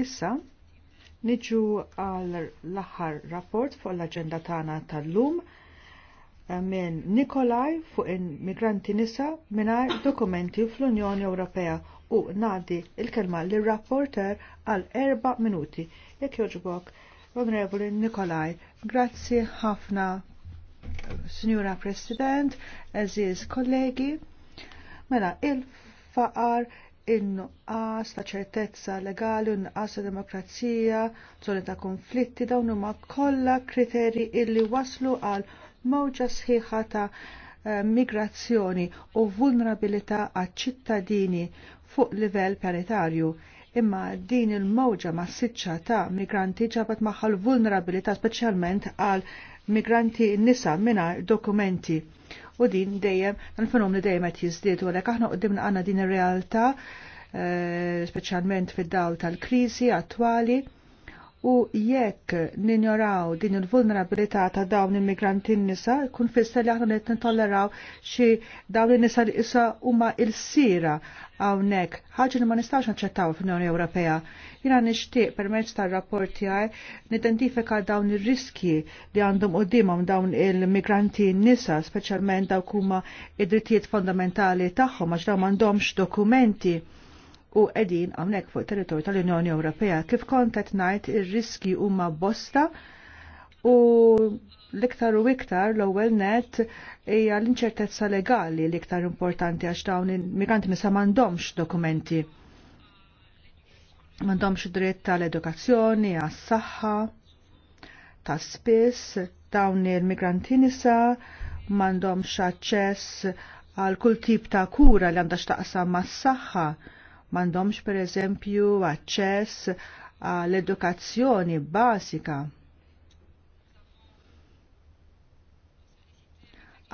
Issa, niġu għal l-aħħar rapport fuq l-aġenda tagħna tal-lum eh, minn Nikolaj fuq immigranti nisa mingħajr dokumenti fl-Unjoni Ewropea u ngħaddi il-kelma lir rapporter għal erba minuti. Jekk joġbok, Onorevoli Nikolaj, grazzi ħafna, Signora President, eżiz kollegi. Mela, il-faqar in-nuqqas ta' ċertezza legali, in-nuqqas ta' demokrazija, zoni ta' konflitti, dawn huma kollha kriteri illi waslu għal mowġa sħiħa ta' eh, migrazzjoni u vulnerabilità għad ċittadini fuq livell planetarju. Imma din il-mowġa massiċċa ta' migranti ġabat maħal vulnerabilità speċjalment għal migranti nisa minna dokumenti. U din dejjem, l-fenomenu dejjem qed u għalhekk aħna għoddimna għandna din ir-realtà, eh, speċjalment fid-dawl tal-kriżi attwali u jekk ninjoraw din il-vulnerabilità ta' dawn il immigranti nisa kun fissa li aħna qed nitolleraw xi dawn il nisa li issa huma il sira hawnhekk ħaġa li ma nistax naċċettaw fl-Unjoni Ewropea. Jiena nixtieq permezz tar-rapport tiegħi nidentifika dawn ir-riskji li għandhom dimam dawn il-migranti nisa, speċjalment dawk huma id-drittijiet fondamentali tagħhom għax dawn m'għandhomx dokumenti u edin għamnek fuq territorju tal-Unjoni Ewropea. Kif kontet najt ir-riski huma bosta u l-iktar u iktar l-ewwel net hija l-inċertezza legali l-iktar importanti għax dawn il-migranti misa m'għandhomx dokumenti. M'għandhomx dritt tal-edukazzjoni, għas-saħħa, tas-spiss, dawn il-migranti nisa m'għandhomx aċċess għal kull tip ta' kura li għandha x'taqsam mas-saħħa mandomx per eżempju aċċess għall-edukazzjoni basika.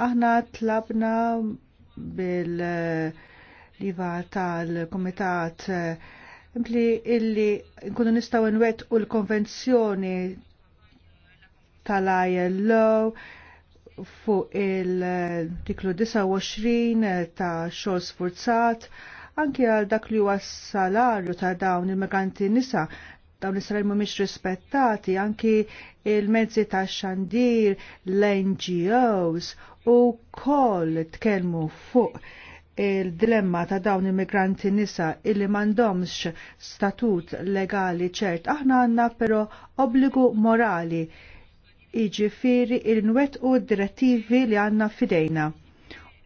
Aħna tlabna bil-liva tal-Komitat impli illi nkunu nistaw nwet u l-konvenzjoni tal-ILO fuq il-tiklu 29 ta' xogħol sforzat anke għal dak li huwa s-salarju ta' dawn il meganti nisa dawn is-salarju mhumiex rispettati anki il-mezzi ta' xandir, l-NGOs u koll tkellmu fuq il-dilemma ta' dawn immigranti nisa illi mandomx statut legali ċert, aħna għanna pero obbligu morali iġifiri il-nwet u direttivi li għanna fidejna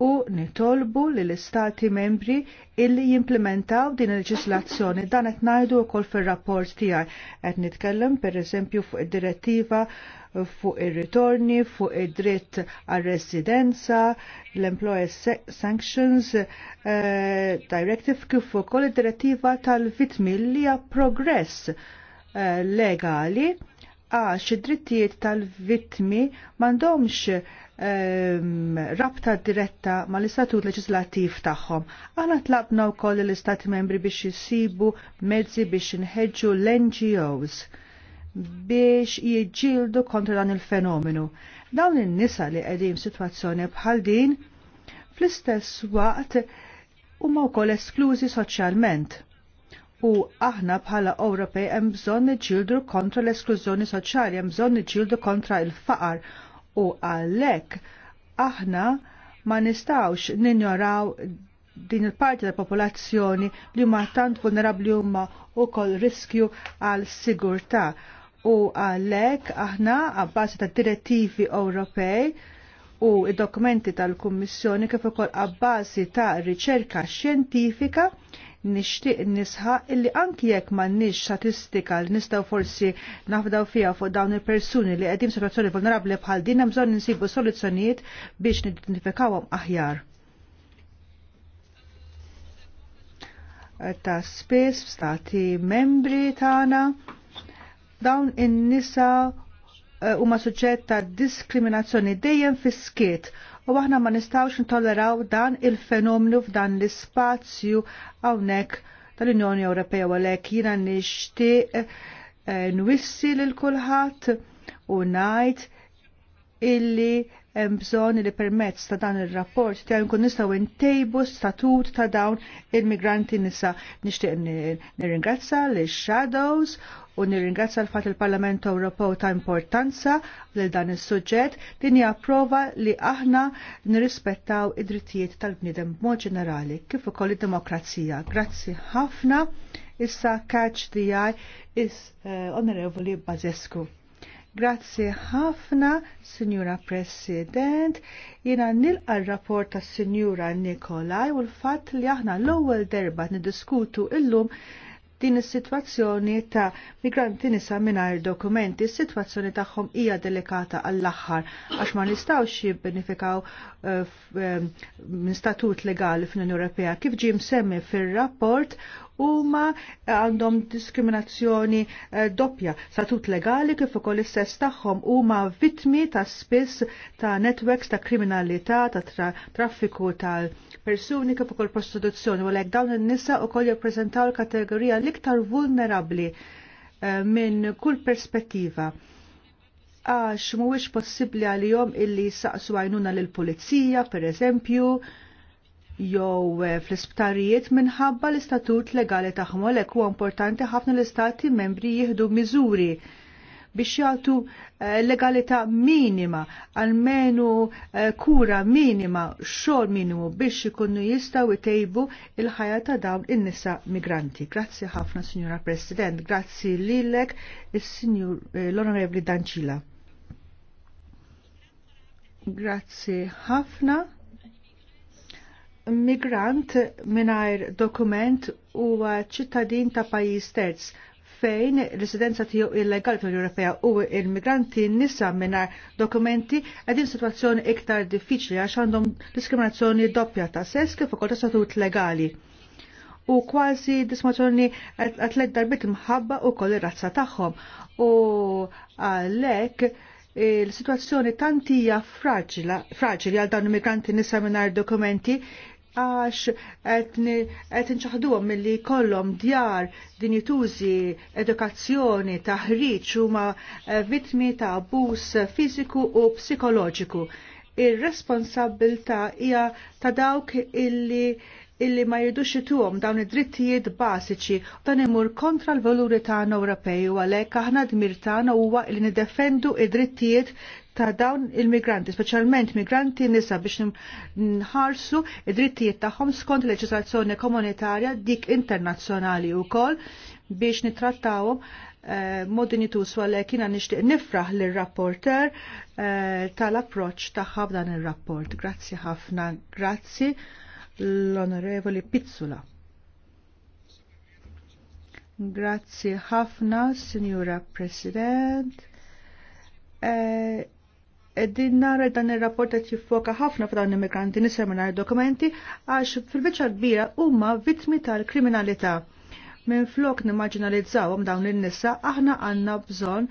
u nitolbu li l-istati membri illi jimplementaw din il-leġislazzjoni. Dan qed ngħidu wkoll fir-rapport tiegħi qed nitkellem pereżempju fuq id-direttiva fuq ir-ritorni, fuq id-dritt għar residenza l-Employer Sanctions uh, Directive kif ukoll id-direttiva tal-vitmi li hija progress uh, legali għax id-drittijiet tal-vitmi m'għandhomx rabta diretta mal-istatut leġislattiv tagħhom. Aħna tlabna wkoll l-istati membri biex jisibu mezzi biex inħeġġu l-NGOs biex jiġġieldu kontra dan il-fenomenu. Dawn in-nisa li qegħdin situazzjoni bħal din fl-istess waqt huma wkoll esklużi soċjalment. U aħna bħala Ewropej hemm bżonn niġġieldu kontra l-esklużjoni soċjali, hemm bżonn niġġieldu kontra il-faqar u għalhekk aħna ma nistawx ninjoraw din il-parti tal popolazzjoni li ma tant vulnerabli huma wkoll riskju għal sigurtà u għalhekk aħna għabbażi ta' direttivi Ewropej u id-dokumenti tal-Kummissjoni kif ukoll għabbażi ta' riċerka xjentifika nixtieq nisħa illi anki jekk m'għandniex statistika li nistgħu forsi nafdaw fiha fuq dawn il-persuni li qegħdin situazzjoni vulnerabbli bħal din hemm bżonn insibu soluzzjonijiet biex nidentifikawhom aħjar. ta' spis stati membri tagħna dawn in-nisa eh, huma suġġett ta' diskriminazzjoni dejjem fis-skiet u aħna ma nistawx ntolleraw dan il-fenomenu f'dan l-ispazju hawnhekk tal-Unjoni Ewropea u għalek jiena nixtieq eh, nwissi lil kulħadd u ngħid illi hemm bżonn li permezz ta' dan ir-rapport tiegħu nkun nistgħu ntejbu statut ta' dawn il-migranti nisa. Nixtieq nirringrazza li shadows u nirringrazza l fatt il-Parlament Ewropew ta' importanza lil dan is-suġġett din hija prova li aħna nirrispettaw id-drittijiet tal-bniedem b'mod ġenerali kif ukoll id-demokrazija. Grazzi ħafna. Issa catch the eye is uh, Onorevoli Bazescu. Grazzi ħafna, Signora President. Jena nilqa rapport ta' Sinjura Nikolaj u l-fatt li aħna l-ewwel derba niddiskutu illum din is-sitwazzjoni ta' migranti nisa mingħajr dokumenti, is-sitwazzjoni tagħhom hija delikata għall-aħħar għax ma nistgħux jibbenifikaw eh, eh, minn statut legali fl-Unjoni Ewropea kif ġie semmi fir-rapport huma għandhom diskriminazzjoni eh, doppja statut legali kif ukoll is-sess tagħhom huma vittmi ta' spiss ta' netwerks ta' kriminalità ta' traffiku tal-persuni kif ukoll prostituzzjoni u għalhekk dawn in-nisa wkoll jippreżentaw l-kategorija l-iktar vulnerabbli eh, minn kull perspettiva għax mhuwiex possibbli għalihom illi saqsu għajnuna lill pulizija per eżempju, jew eh, fl-isptarijiet minħabba l-istatut legali tagħhom għalhekk huwa importanti ħafna l-istati membri jieħdu miżuri biex jagħtu eh, legalità minima, almenu eh, kura minima, xogħol minimu biex ikunu jistgħu jtejbu il-ħajja ta' dawn in-nisa migranti. Grazzi ħafna, Signora President, grazzi lilek is-Sinjur l-Onorevli Danċila. Grazzi ħafna migrant mingħajr dokument huwa ċittadin ta' pajjiż terz fejn residenza tiegħu illegali fil Ewropea u il-migranti nisa mingħajr dokumenti għedin sitwazzjoni iktar diffiċli għax għandhom diskriminazzjoni doppja ta' sess kif ukoll statut legali. U kważi diskriminazzjoni għatlet darbit mħabba u koll ir-razza tagħhom. U għalhekk il-situazzjoni tantija fraġila, fraġili għal dawn immigranti nisa minar dokumenti għax qed mill milli kollom djar din jituzi edukazzjoni u huma eh, vittmi ta' abbuż fiziku u psikoloġiku. Ir-responsabbilta hija ta' dawk illi illi ma jirdux ituhom dawn id-drittijiet bażiċi dan imur kontra l-valuri tagħna Ewropej u għalhekk aħna dmir tagħna huwa li niddefendu id-drittijiet ta' dawn il-migranti, speċjalment migranti nisa biex nħarsu id-drittijiet tagħhom skont leġiżlazzjoni komunitarja dik internazzjonali wkoll biex nittrattawhom eh, mod modinitus għalhekk jiena nixtieq nifraħ lir-rapporter eh, tal-approċċ tagħha b'dan ir-rapport. Grazzi ħafna, grazzi l-Onorevoli Pizzula. Grazzi ħafna, Signora President. Eh, Eddin nara dan il-rapport qed jiffoka ħafna f'dawn immigranti niseminar dokumenti għax fil-biċċa kbira huma vittmi tal-kriminalità. Minn flok nimmaġinalizzawhom dawn in-nisa aħna għandna bżonn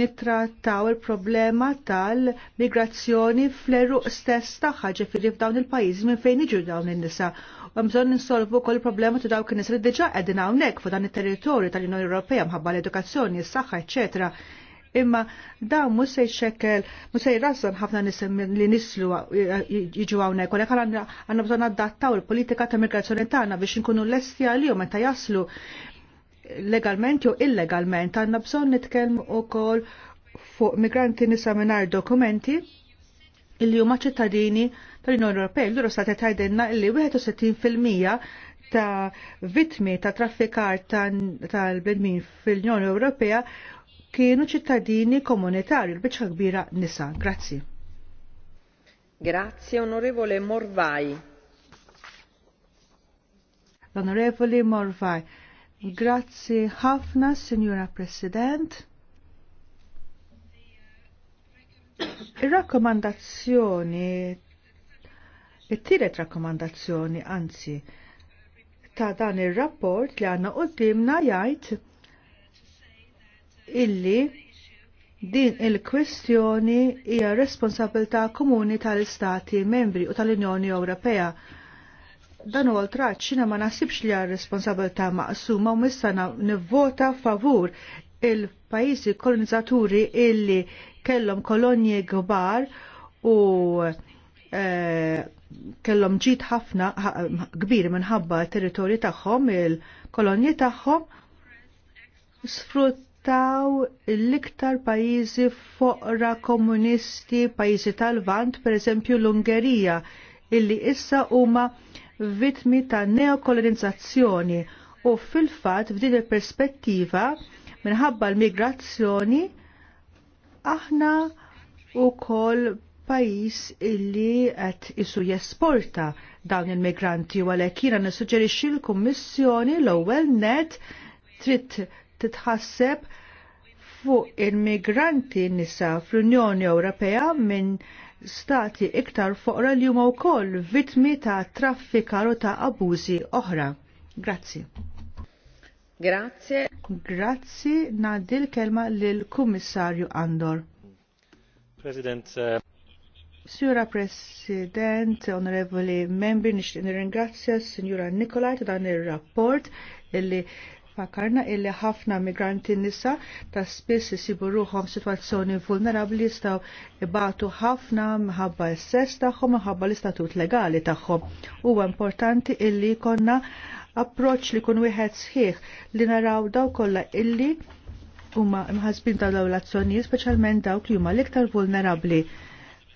nittrattaw il-problema tal-migrazzjoni fl-eruq stess tagħha ġifieri f'dawn il-pajjiżi minn fejn jiġu dawn in-nisa. U bżonn insolvu kol problema ta' dawk in nisa li diġa' għedin hawnhekk fuq dan it-territorju tal-Unjoni Ewropea mħabba l-edukazzjoni, s-saħħa, eccetera imma dawn mhux se jxekkel, mhux se ħafna nisem li nislu jiġu hawnhekk, għalhekk għandna bżonn għaddattaw il-politika ta' migrazzjoni tagħna biex inkunu lesti għalihom meta jaslu legalment jew illegalment għandna bżonn nitkellmu wkoll fuq migranti nisa minar dokumenti illi huma ċittadini tal-Unjoni Ewropea. Lura sa tgħidilna illi 61% ta' vitmi ta' traffikar tal-bnedmin fil-Unjoni Ewropea kienu ċittadini komunitari l bicħa kbira nisa. Grazzi. Grazie onorevole Morvai. L'onorevole Morvai. grazie ħafna, Signora President. Il-rakkomandazzjoni, it-tiret rakkomandazzjoni, anzi, ta' dan il-rapport li għanna qoddimna jgħid illi din il-kwestjoni hija responsabilità komuni tal-Istati membri u tal-Unjoni Ewropea dan huwa l-traċ xina ma nasibx li għal responsabilità maqsuma u mista nivvota favur il-pajjiżi kolonizzaturi illi kellhom kolonji kbar u e, kellhom ġid ħafna kbir minħabba territorju tagħhom il-kolonji tagħhom sfrutt Taw l-iktar pajizi foqra komunisti, pajizi tal-vant, per eżempju l-Ungerija, illi issa huma vitmi ta' neokolonizzazzjoni u fil-fat f'din il-perspettiva minħabba l-migrazzjoni aħna u kol pajis illi għet isu jesporta dawn il-migranti u għalek jina nissuġġerixxi l-Kummissjoni l-ewwel net trid titħasseb fuq il-migranti nisa fl-Unjoni Ewropea minn stati iktar foqra li huma wkoll vittmi ta' traffikar u ta' abużi oħra. Grazzi. Grazie. Grazzi ngħaddi kelma lill kummissarju Andor. President. Uh... Signora President, onorevoli membri, nixtieq nirringrazzja s-Sinjura Nikolaj ta' dan ir-rapport illi fakarna illi ħafna migranti nisa ta' spiss isibu ruħom situazzjoni vulnerabli jistaw ibatu ħafna mħabba s-sess tagħhom mħabba l-istatut legali tagħhom. Huwa importanti illi konna approċ li kun wieħed sħiħ li naraw daw kollha illi huma mħasbin ta' dawn l speċjalment dawk li huma l-iktar vulnerabbli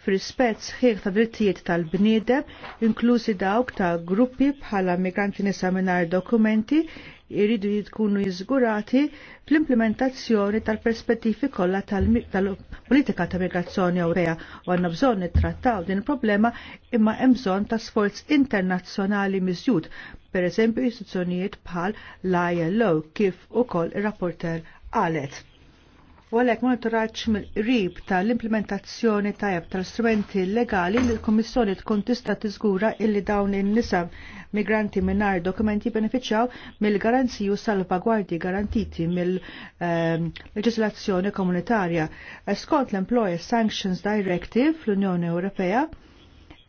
fir sħiħ ta' drittijiet tal-bniedem, inklużi dawk ta' gruppi bħala migranti nisa mingħajr dokumenti jiridu jitkunu jiżgurati fl-implementazzjoni tal-perspettivi kollha tal-politika ta' migrazzjoni Ewrea u għandna bżonn nittrattaw din il-problema imma hemm bżonn ta' sforz internazzjonali miżjud, pereżempju istituzzjonijiet bħal l-ILO kif ukoll ir-rapporter qalet u għalhekk monitoraġġ mill ta' l implementazzjoni tajjeb tal-strumenti legali li l-Kummissjoni tkun tista' tiżgura illi dawn in-nisa migranti mingħajr dokumenti beneficjaw mill-garanziji u salvagwardji garantiti mill-leġislazzjoni ehm, komunitarja. Eh, skont l-Employer Sanctions Directive fl-Unjoni Ewropea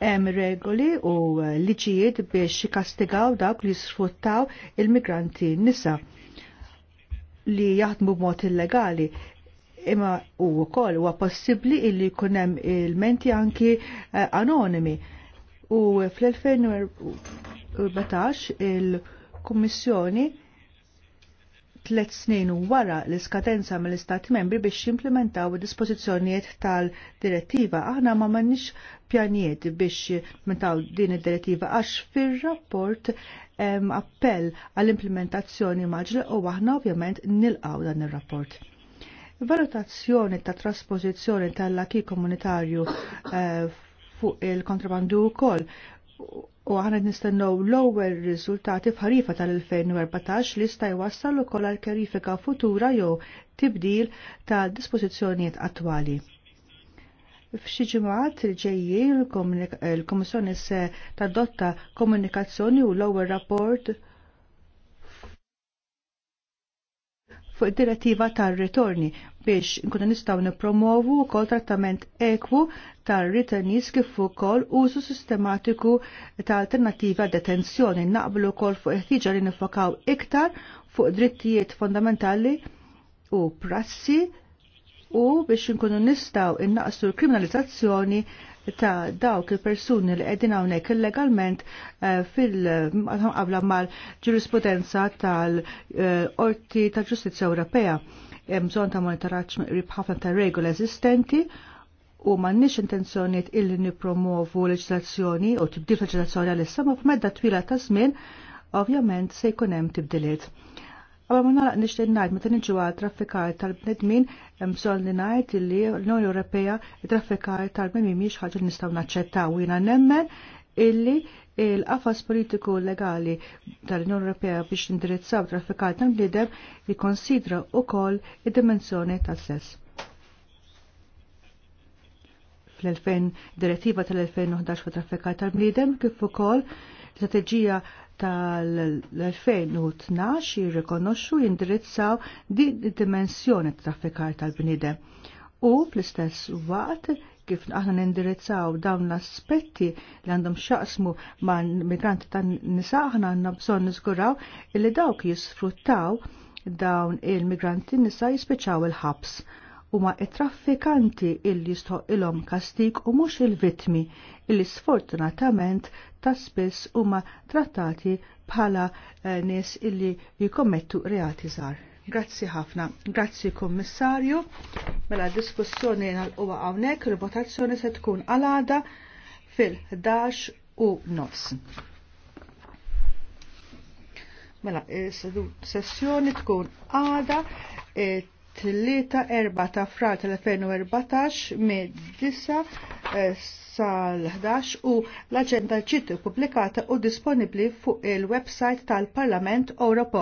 hemm regoli u eh, liġijiet biex jikastigaw dawk li sfruttaw il-migranti nisa li jaħdmu b'mod illegali imma u wkoll huwa possibbli illi jkun hemm il-menti anki eh, anonimi. U fl-2014 il-Kummissjoni tlet snin wara l-iskadenza mill-Istati membri biex jimplementaw dispożizzjonijiet tal-direttiva. Aħna ma m'għandniex pjanijiet biex jimplementaw din id-direttiva għax fir-rapport appell għall-implementazzjoni maġla u aħna ovvjament nilqaw dan ir-rapport. Valutazzjoni ta' trasposizjoni tal-laki komunitarju eh, fuq il-kontrabandu wkoll u għana nistennow l-ewwel riżultati f'ħarifa tal-2014 li sta jwassal ukoll għal kerifika futura jew tibdil tal-dispożizzjonijiet attwali. F'xi ġimgħat ġejjin il-Komissjoni se tadotta komunikazzjoni u l-ewwel rapport fuq id-direttiva tar-ritorni biex nkunu nistgħu nippromovu wkoll trattament ekwu tar-ritornis kif ukoll użu sistematiku ta' alternattiva detenzjoni naqblu wkoll fuq ħtiġa li nifokaw iktar fuq drittijiet fondamentali u prassi u biex nkunu nistaw innaqsu l-kriminalizzazzjoni ta' dawk il-persuni li qegħdin hawnhekk illegalment eh, fil-qabla mal-ġurisprudenza tal-Qorti ta' Ġustizzja Ewropea. Hemm bżonn ta' monitoraċ miqrib ħafna ta' regoli eżistenti u nix intenzjoniet illi nipromovu leġislazzjoni u tibdil leġislazzjoni għal-issa f'medda twila ta' żmien ovvjament se jkun hemm tibdiliet. Għabba ma naraq nishtin najt, ma t-nġu għal traffikar tal-bnedmin, mżon li najt li l-Unjoni Ewropea traffikar tal-bnedmin miex ħagġa nistaw naċċettaw. Jina nemmen illi l qafas politiku legali tal-Unjoni Ewropea biex indirizzaw traffikar tal-bnedem konsidra u kol id-dimensjoni tal-sess fl-2000 direttiva tal-2011 fu traffikar tal-bniedem kif ukoll strategija tal-2012 jirrikonoxxu jindirizzaw din id-dimensjoni traffikar tal-bnidem. U fl-istess waqt kif aħna nindirizzaw dawn l-aspetti li għandhom xaqsmu ma' migranti tan nisa aħna għandna bżonn niżguraw illi dawk jisfruttaw dawn il-migranti nisa jispiċċaw il-ħabs huma it-traffikanti illi jistħoq ilhom kastik u mhux il-vittmi illi sfortunatament ta' spiss huma trattati bħala eh, nies illi jikommettu reati żgħar. Grazzi ħafna, grazzi kummissarju. Mela diskussjoni nal-qwa hawnhekk, il-votazzjoni se tkun għalada fil-11 u nofs. Mela, sessjoni tkun għada eh, tlieta erba ta' frar tal-2014 mid disa eh, sal-11 u l-aġenda ġiet publikata u disponibbli fuq il-website tal-Parlament Ewropew.